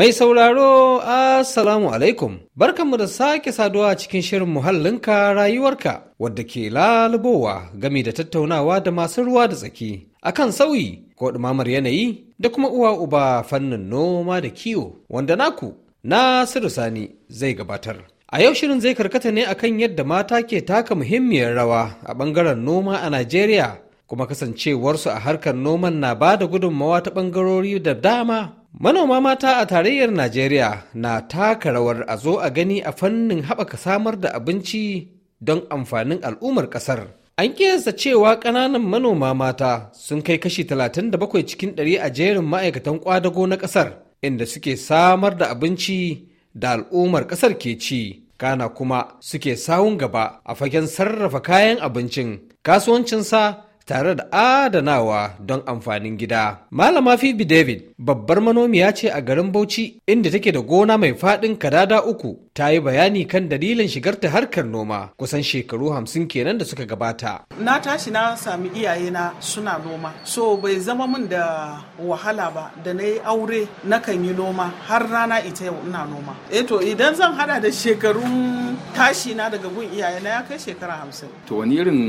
Mai sauraro, Assalamu alaikum, barkanmu da sake saduwa cikin shirin muhallinka rayuwarka wadda ke lalubowa gami da tattaunawa da masu ruwa da tsaki akan sauyi ko ɗumamar yanayi da kuma uwa uba fannin noma da kiwo wanda naku Nasiru Sani zai gabatar. A yau shirin zai karkata ne akan yadda mata ke taka muhimmiyar rawa a ɓangaren noma a Najeriya kuma kasancewarsu a harkar noman na ba da gudunmawa ta ɓangarori da dama Manoma mata a tarayyar Najeriya na taka rawar a zo a gani a fannin haɓaka samar da abinci don amfanin al'ummar ƙasar. An kiyasta cewa ƙananan manoma mata sun kai kashi 37 cikin ɗari a jerin ma'aikatan ƙwadago na ƙasar inda suke samar da abinci da al'ummar ƙasar ke ci. Kana kuma suke sawun gaba a fagen sarrafa kayan abincin, kasuwancinsa tare da adanawa don amfanin gida. Malama Phoebe David babbar manomiya ce a garin Bauchi inda take da gona mai faɗin kadada uku ta yi bayani kan dalilin shigarta harkar noma kusan shekaru hamsin kenan da suka gabata. Na tashi na sami iyayena suna noma so bai zama min da wahala ba da na yi aure nakan yi noma har rana ita yau ina noma. Eto eh idan zan hada da shekarun tashi na daga gun iyayena ya kai shekara hamsin. To wani irin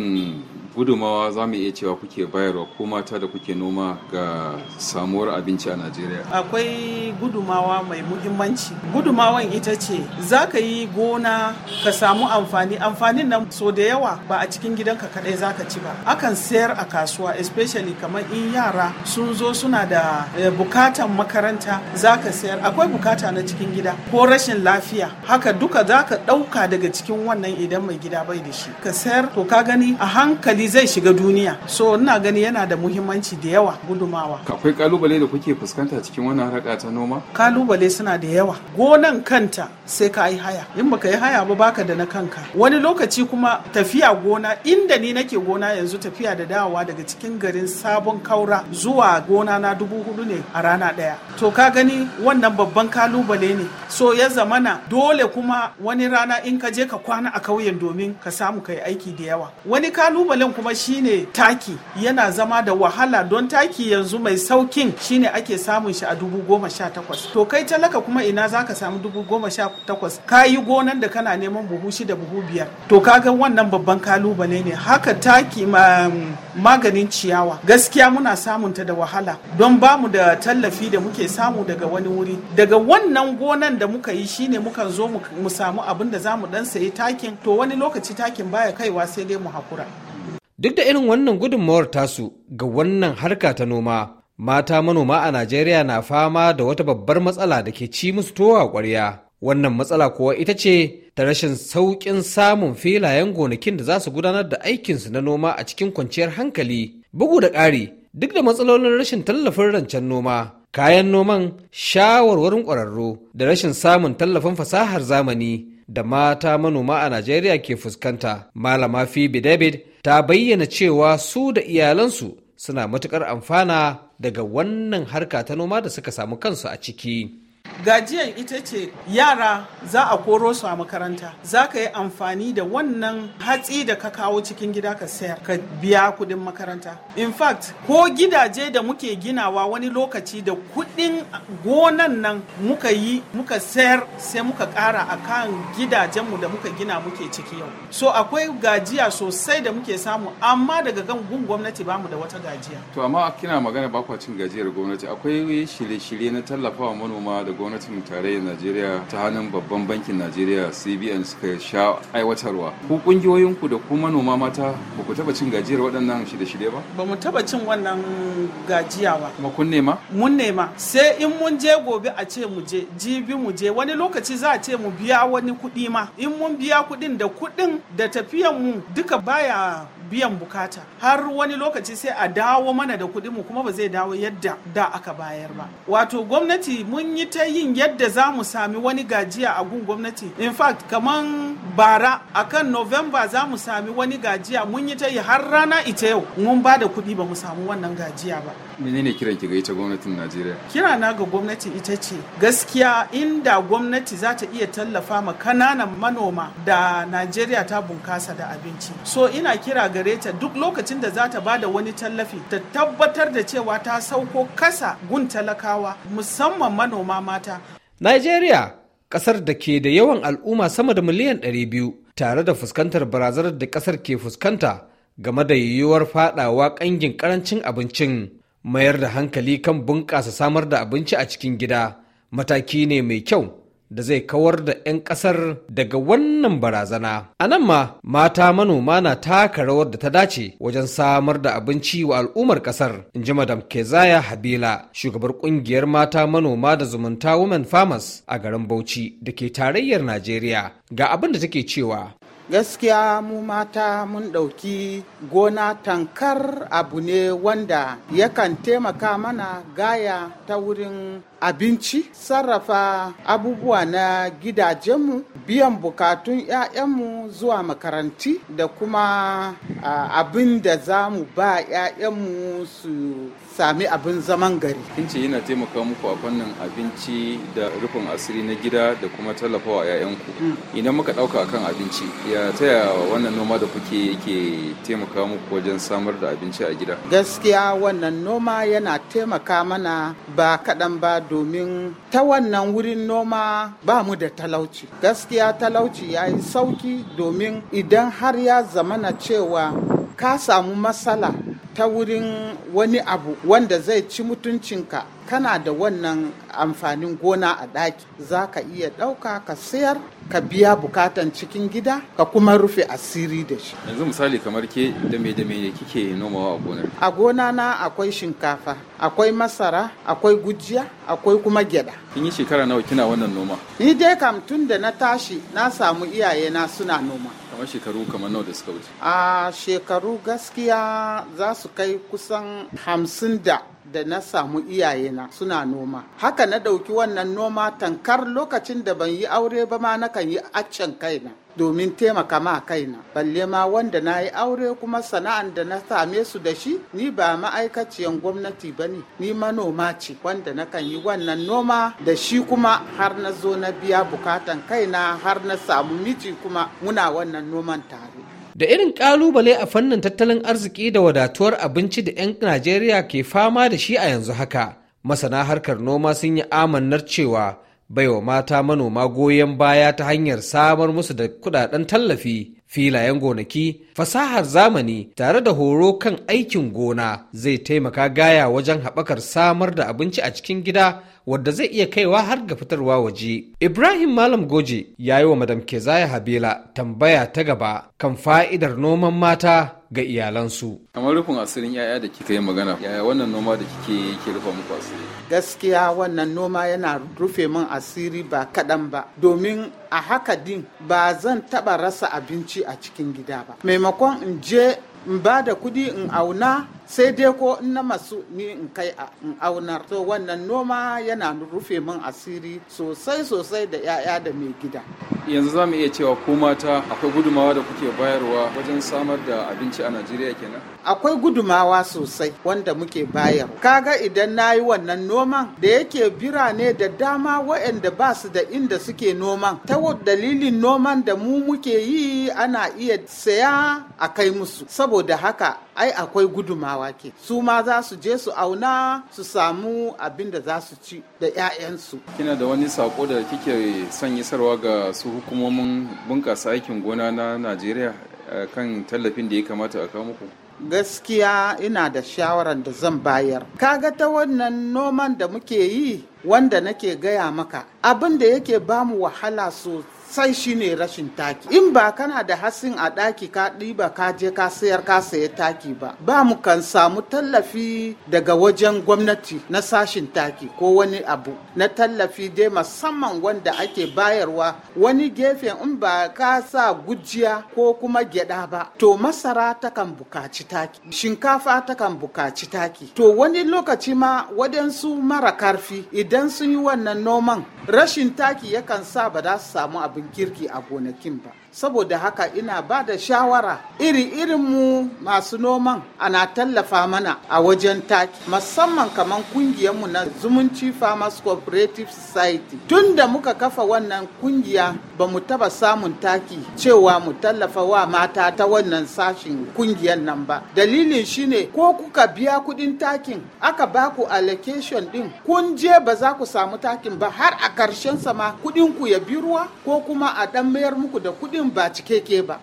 gudumawa za mu iya cewa kuke bayarwa ko mata da kuke noma ga samuwar abinci a najeriya akwai gudumawa mai muhimmanci gudumawan ita ce za ka yi gona ka samu amfani amfanin nan so da yawa ba a cikin gidanka kaɗai za ka ci ba akan sayar a kasuwa especially kamar in yara sun zo suna da eh, bukatan makaranta za ka sayar akwai bukata na cikin gida ko rashin lafiya haka duka za ka ɗauka daga cikin wannan idan mai gida bai da shi ka sayar to ka gani a hankali hankali zai shiga duniya so ina gani yana da muhimmanci da yawa gudumawa akwai kalubale da kuke fuskanta cikin wannan harka ta noma kalubale suna da yawa gonan kanta sai ka yi haya in baka yi haya ba baka da na kanka wani lokaci kuma tafiya gona inda ni nake gona yanzu tafiya da dawowa daga cikin garin sabon kaura zuwa gona na dubu hudu ne a rana daya to ka gani wannan babban kalubale ne so ya zamana dole kuma wani rana in ka je ka kwana a kauyen domin ka samu yi aiki da yawa wani kalubalen kuma shine taki yana zama da wahala don taki yanzu mai saukin shine ake samun shi a dubu goma sha takwas. To kai talaka kuma ina za ka samu dubu goma sha takwas ka yi gonan da kana neman buhu shida buhu biyar. To kaga wannan babban kalubale ne haka taki maganin ciyawa gaskiya muna samun ta da wahala don ba mu da tallafi da muke samu daga wani wuri daga wannan gonan da muka yi shine mukan zo mu samu abin da za mu dan sayi takin to wani lokaci takin baya kaiwa sai dai mu hakura Duk da irin wannan gudunmawar tasu ga wannan harka ta noma, mata manoma a Najeriya na fama da wata babbar matsala da ke ci musu towa ƙwarya. Wannan matsala kuwa ita ce ta rashin sauƙin samun filayen gonakin da za su gudanar da aikinsu na noma a cikin kwanciyar hankali. Bugu da ƙari, duk da matsalolin rashin tallafin rancen noma, kayan noman shawarwarin ƙwararru da rashin samun tallafin fasahar zamani da mata manoma a Najeriya ke fuskanta. Malama Phoebe David ta bayyana cewa su da iyalansu suna matukar amfana daga wannan harka ta noma da suka samu kansu a ciki. gajiyar ita ce yara za a koro su a makaranta za ka yi amfani da wannan hatsi da ka kawo cikin gida ka sayar ka biya kudin makaranta in fact ko gidaje da muke ginawa wani lokaci da kudin gonan nan muka yi muka sayar sai muka kara a kan gidajenmu da muka gina muke ciki yau so akwai gajiya sosai da muke samu amma daga gan gun gwamnati bamu da wata gajiya to amma kina magana bakwa cin gajiyar gwamnati akwai shirye-shirye na tallafawa manoma da gwamnatin tarayyar najeriya ta hannun babban bankin najeriya cbn suka sha aiwatarwa ku kungiyoyinku da kuma manoma mata ba ku taba cin gajiyar waɗannan shirye-shirye ba ba mu taba cin wannan gajiya ba kuma kun nema mun nema sai in mun je gobe a ce mu je jibi mu je wani lokaci za a ce mu biya wani kuɗi ma in mun biya kuɗin da kuɗin da tafiyan mu duka baya biyan bukata har wani lokaci sai a dawo mana da kuɗi mu kuma ba zai dawo yadda da aka bayar ba wato gwamnati mun yi ta yin yadda za mu sami wani gajiya a gun gwamnati in fact kaman bara akan november za mu sami wani gajiya mun yi ta yi har rana ita yau mun ba da kuɗi ba mu samu wannan gajiya ba menene kiran ki ga ita gwamnatin Najeriya? Kira na ga gwamnati ita ce gaskiya inda gwamnati za ta iya tallafa ma kananan manoma da Najeriya ta bunkasa da abinci. So ina kira gare ta duk lokacin da za ta ba da wani tallafi ta tabbatar da cewa ta sauko kasa gun talakawa musamman manoma mata. Najeriya kasar da ke da yawan al'umma sama da miliyan 200 tare da fuskantar barazanar da kasar ke fuskanta game da yiwuwar fadawa kangin karancin abincin mayar da hankali kan bunƙasa samar da abinci a cikin gida mataki ne mai kyau da zai kawar da 'yan ƙasar daga wannan barazana. A nan ma mata manoma na taka rawar da ta dace wajen samar da abinci wa al'ummar ƙasar, in ji Madam Kezaya Habila, shugabar ƙungiyar mata manoma da zumunta Women Farmers a garin Bauchi da ke tarayyar Najeriya. Ga abin da take cewa. gaskiya mu mata mun ɗauki gona tankar abu ne wanda yakan taimaka mana gaya ta wurin abinci sarrafa abubuwa na gidajenmu biyan bukatun 'ya'yanmu zuwa makaranti da kuma abin da za mu ba 'ya'yanmu su sami abin zaman gari. Kinci yana taimaka muku a fannin abinci da rufin asiri na gida da kuma tallafawa 'ya'yanku. Mm. Idan muka ɗauka akan abinci, ya taya wannan noma da kuke yake taimaka muku wajen samar da abinci a gida? Gaskiya wannan noma yana taimaka mana ba kaɗan ba domin ta wannan wurin noma ba mu da talauci. Gaskiya talauci ya yi sauki domin idan har ya zamana cewa ka samu matsala ta wurin wani abu wanda zai ci mutuncinka kana da wannan amfanin gona a ɗaki za ka iya ɗauka ka sayar ka biya bukatan cikin gida ka kuma rufe asiri da shi yanzu misali kamar ke da dame da kike nomawa a gonar a gona na akwai shinkafa akwai masara akwai gujiya akwai kuma gyada kin yi shekara nawa kina wannan noma ni dai kam tun da na tashi na samu iyayena suna noma kamar shekaru kamar nawa da suka wuce a shekaru gaskiya za su kai kusan hamsin da da na samu iyayena suna noma haka na ɗauki wannan noma tankar lokacin da ban yi aure ba ma nakan yi accen kaina domin taimaka ma kaina balle ma wanda na yi aure kuma sana'an da na same su da shi ni ba ma'aikaciyan gwamnati ba ne ni manoma ce wanda na kan yi wannan noma da shi kuma har na zo na biya bukatan kaina har na samu miji kuma muna wannan noman tare Da irin ƙalubale a fannin tattalin arziki da wadatuwar abinci da 'yan Najeriya ke fama da shi a yanzu haka, masana harkar noma sun yi amannar cewa baiwa mata manoma goyon baya ta hanyar samar musu da kudaden tallafi filayen gonaki fasahar zamani tare da horo kan aikin gona zai taimaka gaya wajen haɓakar samar da abinci a cikin gida wadda zai iya kaiwa har ga fitarwa waje. Ibrahim Malam Goje ya yi wa Madam Kezaya Habila tambaya ta gaba kan fa'idar noman mata ga iyalansu. Kamar rufin asirin yaya da kika yi magana, yaya wannan noma da kike yake rufa muku asiri? Gaskiya wannan noma yana rufe min asiri ba kaɗan ba, domin a haka din ba zan taɓa rasa abinci a cikin gida ba. Maimakon in je in ba da kuɗi in auna sai dai ko in na masu ni in kai a in aunar to wannan noma yana rufe min asiri sosai sosai da 'ya'ya da mai gida yanzu za mu iya cewa ko mata akwai gudumawa da kuke bayarwa wajen samar da abinci a najeriya kenan akwai gudumawa sosai wanda muke bayar kaga idan na yi wannan noman da yake birane da dama waɗanda ba su da inda suke noman ta dalilin noman da mu muke yi ana iya saya a kai musu saboda haka ai akwai gudumawa wake su ma za su je su auna su samu abin da za su ci da 'ya'yansu kina da wani sako da kike son isarwa ga su hukumomin bunƙasa aikin gona na najeriya eh, kan tallafin da ya kamata a kawo muku gaskiya ina da shawarar da zan bayar kaga ta wannan noman da muke yi wanda nake gaya maka abin da yake bamu wahala sosai sai shine rashin taki in ba kana da hasin a ɗaki ka ɗiba ka je ka sayar ka saya taki ba ba mu kan samu tallafi daga wajen gwamnati na sashin taki ko wani abu na tallafi dai musamman wanda ake bayarwa wani gefen in ba ka sa gujiya ko kuma gyada ba to masara ta kan bukaci taki shinkafa ta kan bukaci taki to wani lokaci ma wadansu mara karfi idan sun yi wannan noman rashin taki yakan sa ba za su samu abu abin kirki a gonakin ba saboda haka ina ba da shawara iri mu masu noman ana tallafa mana a wajen taki musamman kamar mu na zumunci farmers cooperative society tun da muka kafa wannan kungiya ba mu taba samun taki cewa mu tallafa wa mata ta wannan sashin kungiyar nan ba dalilin shine ko kuka biya kudin takin aka ba ku allocation din kun je ba za ku samu takin ba har a karshen sama kudin ku ya bi ruwa ko kuma a dan mayar muku da kudin shirin ba cikeke ba.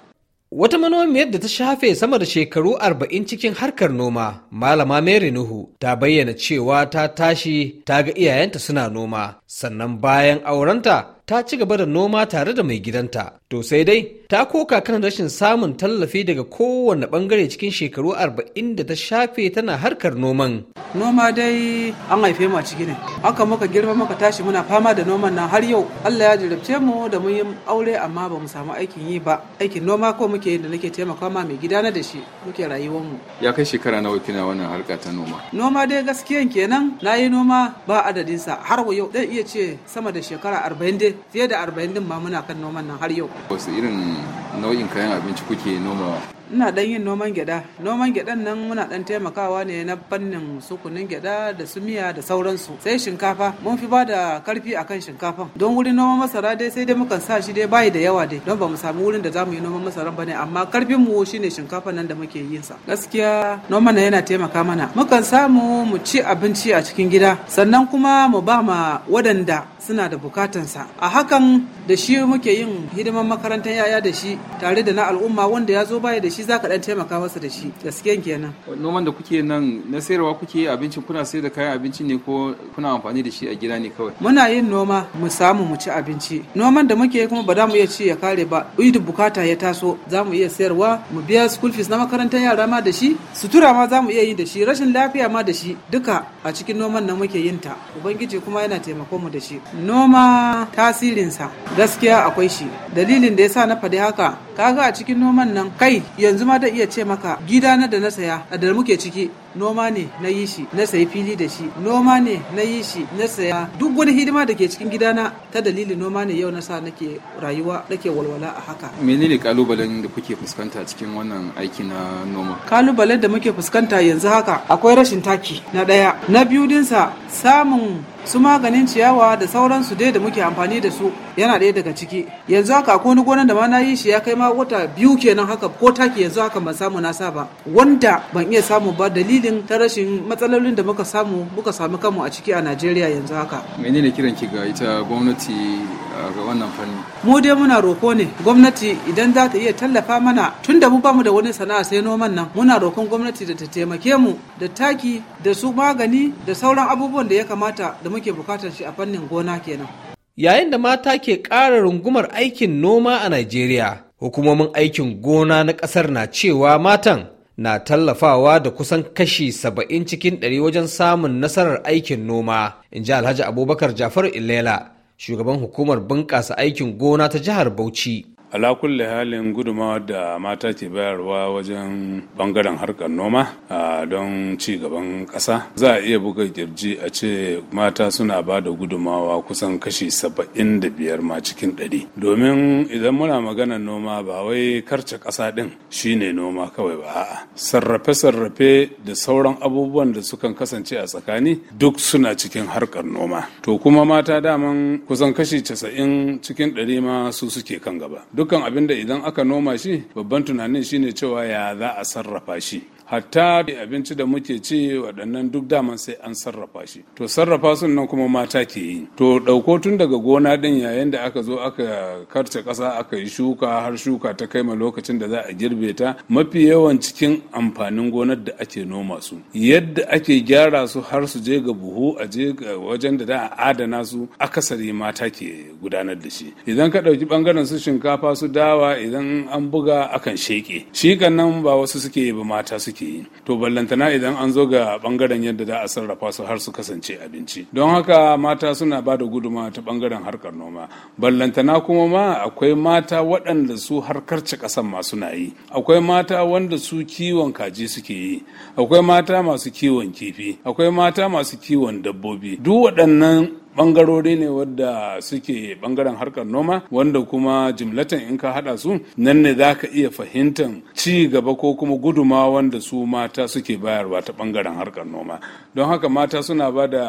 Wata manomiyar da ta shafe sama da shekaru arba'in cikin harkar noma, Malama Mary Nuhu ta bayyana cewa ta tashi ta ga iyayenta suna noma, sannan bayan aurenta ta ci gaba da noma tare da mai gidanta to sai dai ta koka kan rashin samun tallafi daga kowane bangare cikin shekaru arba'in da ta shafe tana harkar noman noma dai an haife mu a ciki ne aka muka girma muka tashi muna fama da noman nan har yau Allah ya jarabce mu da mun yi aure amma ba mu samu aikin yi ba aikin noma ko muke yin da nake taimaka ma mai gidana da shi muke rayuwar mu ya kai shekara nawa kina wannan harka ta noma noma dai gaskiyan kenan nayi noma ba adadinsa har yau iya ce sama da shekara arba'in dai fiye da arba'in din ma muna kan noman nan har yau wasu irin nau'in kayan abinci kuke nomawa ina dan yin noman gyada noman gyadan nan muna dan taimakawa ne na fannin sukunin gyada da su miya da sauransu sai shinkafa mun fi ba da karfi akan shinkafan don wurin noman masara dai sai dai mukan sa shi dai bayi da yawa dai don ba mu samu wurin da zamu yi noman masara bane amma karfin mu shine shinkafa nan da muke yin sa gaskiya noman nan yana taimaka mana mukan samu mu ci abinci a cikin gida sannan kuma mu ba ma wadanda suna da sa a hakan da shi muke yin hidiman makarantar yaya da shi tare da na al'umma wanda ya zo baya da shi shi ka dan taimaka masa da shi gaskiyan kenan noman da kuke nan na sayarwa kuke abincin kuna sayar da kayan abinci ne ko kuna amfani da shi a gida ne kawai muna yin noma mu samu mu ci abinci noman da muke kuma ba za mu iya ci ya kare ba idu bukata ya taso za mu iya sayarwa mu biya school fees na makarantar yara ma da shi sutura ma za mu iya yi da shi rashin lafiya ma da shi duka a cikin noman nan muke yin ta ubangiji kuma yana taimakon mu da shi noma tasirinsa gaskiya akwai shi dalilin da ya sa na faɗi haka kaga a cikin noman nan kai ya yanzu ma da iya ce maka gida na da na saya da muke ciki noma ne na yi shi na sayi fili da shi noma ne na yi shi na saya duk wani hidima da ke cikin gidana ta dalilin noma ne yau na sa nake rayuwa nake walwala a haka menene kalubalen da kuke fuskanta cikin wannan aiki na noma kalubalen da muke fuskanta yanzu haka akwai rashin taki na daya na biyu dinsa samun su maganin ciyawa da sauransu dai da muke amfani da su yana ɗaya daga ciki yanzu haka ko wani gonan da ma na yi shi ya kai ma wata biyu kenan haka ko taki yanzu haka ban samu na sa ba wanda ban iya samu ba dalilin cikin ta rashin matsalolin da muka samu muka samu kanmu a ciki a Najeriya yanzu haka. Menene kiran ki ga ita gwamnati ga wannan fanni? Mu dai muna roko ne gwamnati idan za ta iya tallafa mana tunda mu bamu da wani sana'a sai noman nan muna rokon gwamnati da ta taimake mu da taki da su magani da sauran abubuwan da ya kamata da muke bukatar shi a fannin gona kenan. Yayin da mata ke ƙara rungumar aikin noma a Najeriya, hukumomin aikin gona na ƙasar na cewa matan na tallafawa da kusan kashi saba'in cikin ɗari wajen samun nasarar aikin noma in ji alhaji abubakar jafar ilela shugaban hukumar bunƙasa aikin gona ta jihar bauchi ala kulle halin gudumawa da mata ke bayarwa wajen bangaren harkar noma a don ci gaban ƙasa za a iya buga kirji a ce mata suna ba da gudumawa kusan kashi saba'in da biyar ma cikin ɗari domin idan muna maganar noma ba wai karce ƙasa ɗin shine noma kawai ba a'a sarrafe-sarrafe da sauran abubuwan da sukan kasance a tsakani duk suna cikin harkar noma to kuma mata daman kusan kashi casa'in cikin ɗari ma su suke kan gaba dukkan abin da idan aka noma shi babban tunanin shine cewa ya za a sarrafa shi hatta abinci da muke ci waɗannan duk daman sai an sarrafa shi to sarrafa sun nan kuma mata ke yi to ɗauko tun daga gona ɗin yayin da aka zo aka karce ƙasa aka yi shuka har shuka ta kai ma lokacin da za a girbe ta mafi yawan cikin amfanin gonar da ake noma su yadda ake gyara su har su je ga buhu a je wajen da za a adana su akasari mata ke gudanar da shi idan ka ɗauki ɓangaren su shinkafa su dawa idan an buga akan sheƙe shi nan ba wasu suke yi ba mata suke ke yi to ballantana idan an zo ga bangaren yadda za a sarrafa su har su kasance abinci don haka mata suna ba da guduma ta bangaren harkar noma ballantana kuma ma akwai mata waɗanda su harkar ci ƙasan ma suna yi akwai mata wanda su kiwon kaji suke yi akwai mata masu kiwon kifi akwai mata masu kiwon dabbobi duk waɗannan bangarori ne wadda suke bangaren harkar noma wanda kuma jimlatan in ka hada su nan ne za ka iya fahimtar ci gaba ko kuma guduma wanda su mata suke bayarwa ta bangaren harkar noma don haka mata suna ba da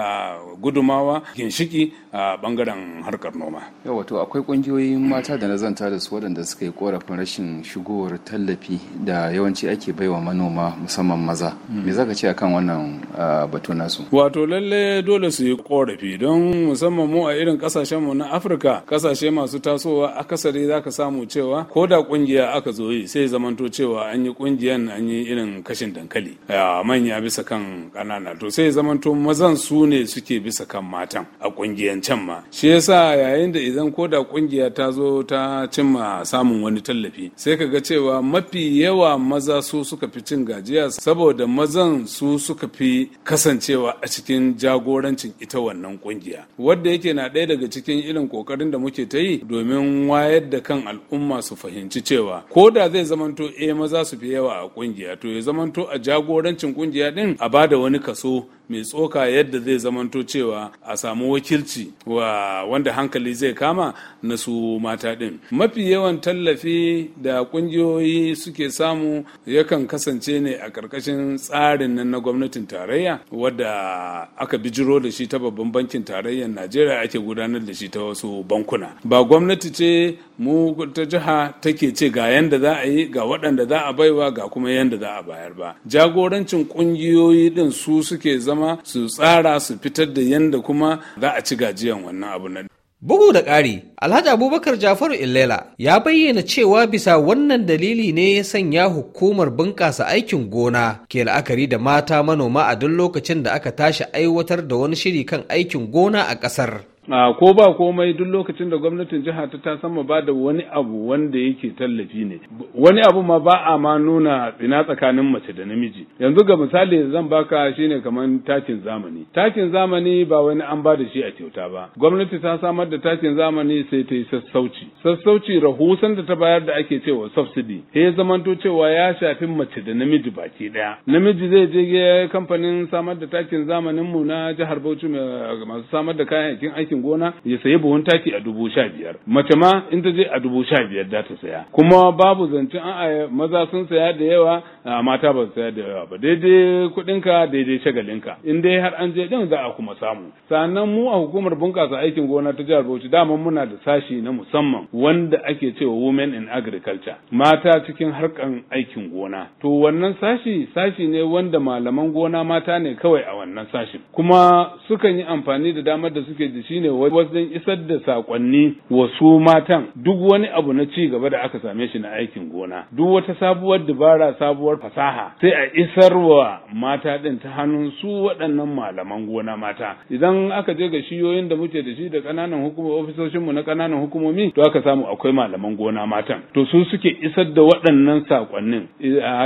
gudumawa ginshiki a bangaren harkar noma wato akwai kungiyoyin mata da na zanta da su waɗanda suka yi korafin rashin shigowar tallafi da yawanci ake baiwa manoma musamman maza mm. me zaka ce akan wannan batu nasu wato lalle dole su yi korafi don musamman mu a irin kasashen mu na afirka kasashe masu tasowa akasari za ka samu cewa ko da kungiya aka zo yi sai zamanto cewa an yi kungiyan an yi irin kashin dankali manya bisa kan kanana to sai zamanto mazan su ne suke bisa kan matan a kungiyan can ma shi yasa yayin da idan ko da kungiya ta zo ta cimma samun wani tallafi sai ka ga cewa mafi yawa maza su suka fi cin gajiya saboda mazan su suka fi kasancewa a cikin jagorancin ita wannan kungiya wadda yake na ɗaya daga cikin irin kokarin da muke ta yi domin wayar da kan al'umma su fahimci cewa ko da zai zamanto eh maza su fi yawa a ƙungiya to ya zamanto a jagorancin ƙungiya ɗin a bada wani kaso mai tsoka yadda zai zamanto cewa a samu wakilci wa wanda hankali zai kama na su mata ɗin mafi yawan tallafi da ƙungiyoyi suke samu yakan kasance ne a ƙarƙashin tsarin nan na gwamnatin tarayya wadda aka bijiro da shi ta babban bankin tarayyar najeriya ake gudanar da shi ta wasu bankuna ba gwamnati ce mu ta jiha take ce ga yanda za a yi ga waɗanda za a baiwa ga kuma yanda za a bayar ba jagorancin ƙungiyoyi ɗin su suke zama dama su tsara su fitar da yanda kuma za a ci gajiyan wannan abu na Bugu da ƙari, Alhaji Abubakar Jafaru Illela ya bayyana cewa bisa wannan dalili ne ya sanya hukumar bunƙasa aikin gona ke la'akari da mata manoma a duk lokacin da aka tashi aiwatar da wani shiri kan aikin gona a ƙasar. ko ba komai duk lokacin da gwamnatin jiha ta ta sama ba da wani abu wanda yake tallafi ne wani abu ma ba a ma nuna ina tsakanin mace da namiji yanzu ga misali zan baka shine kamar takin zamani takin zamani ba wani an ba da shi a kyauta ba gwamnati ta samar da takin zamani sai ta yi sassauci sassauci rahusan da ta bayar da ake cewa subsidy sai ya zamanto cewa ya shafi mace da namiji baki daya namiji zai je kamfanin samar da takin zamanin mu na jihar Bauchi eh, masu samar da kayan aiki aikin gona ya sayi buhun taki a dubu sha biyar mace ma in ta je a dubu sha biyar za ta saya kuma babu zancen a'a maza sun saya da yawa a mata ba su saya da yawa ba daidai kuɗinka daidai shagalinka in dai har an je din za a kuma samu sannan mu a hukumar bunƙasa aikin gona ta jihar Bauchi dama muna da sashi na musamman wanda ake cewa women in agriculture mata cikin harkan aikin gona to wannan sashi sashi ne wanda malaman gona mata ne kawai a wannan sashin kuma sukan yi amfani da damar da suke da shi shine wajen isar da sakonni wasu matan duk wani abu na ci gaba da aka same shi na aikin gona duk wata sabuwar dabara sabuwar fasaha sai a isar wa mata din ta hannun su waɗannan malaman gona mata idan aka je ga shiyoyin da muke da shi da ƙananan hukumar ofisoshin mu na ƙananan hukumomi to aka samu akwai malaman gona matan to su suke isar da waɗannan sakonnin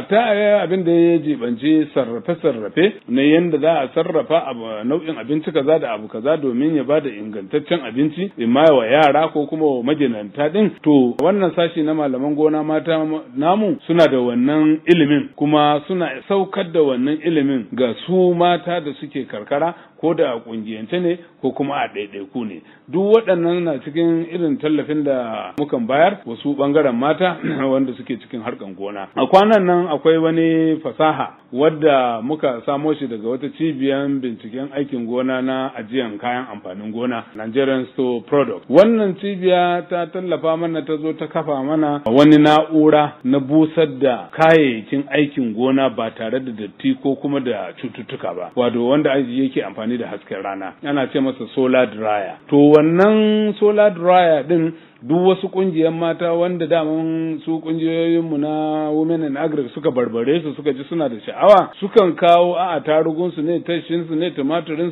ta abin da ya jibanci sarrafe sarrafe na yanda za a sarrafa nau'in abinci kaza da abu kaza domin ya bada ingantaccen abinci in ma wa yara ko kuma wa majinanta din to wannan sashi na malaman gona mata namu suna da wannan ilimin kuma suna saukar da wannan ilimin ga su mata da suke karkara ko da a kungiyance ne ko kuma a ɗaiɗaiku ne duk waɗannan na cikin irin tallafin da mukan bayar wasu ɓangaren mata wanda suke cikin harkan gona a kwanan nan akwai wani fasaha wadda muka samo shi daga wata cibiyar binciken aikin gona na ajiyan kayan amfanin gona Nigerian Store Product wannan cibiya ta tallafa mana ta zo ta kafa mana wani na'ura na busar da kayayyakin aikin gona ba tare da datti ko kuma da cututtuka ba wato wanda yake amfani amfani da hasken rana ana ce masa solar dryer to wannan solar dryer din duk wasu kungiyar mata wanda daman su kungiyoyinmu na women in agri suka barbare su suka ji suna da sha'awa sukan kawo a su ne su ne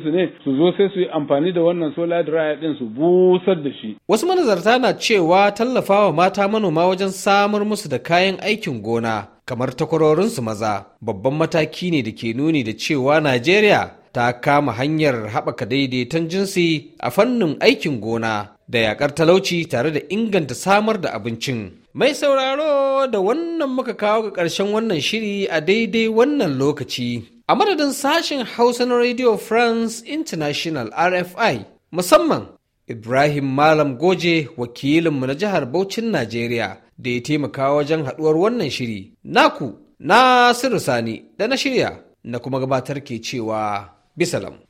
su ne su zo sai su yi amfani da wannan solar dryer din su busar da shi wasu manazarta na cewa tallafawa mata manoma wajen samar musu da kayan aikin gona kamar takwarorinsu maza babban mataki ne da ke nuni da cewa najeriya ta kama hanyar haɓaka daidaiton jinsi a fannin aikin gona da yaƙar talauci tare da inganta samar da abincin. Mai sauraro da wannan muka kawo ga ƙarshen wannan shiri a daidai wannan lokaci. A madadin sashen Hausa na Radio France International RFI musamman Ibrahim Malam Goje wakilinmu na jihar Bauchin Najeriya da ya taimaka wajen haɗuwar wannan shiri. Naku, Nasiru Sani da na shirya na kuma gabatar ke cewa بسلام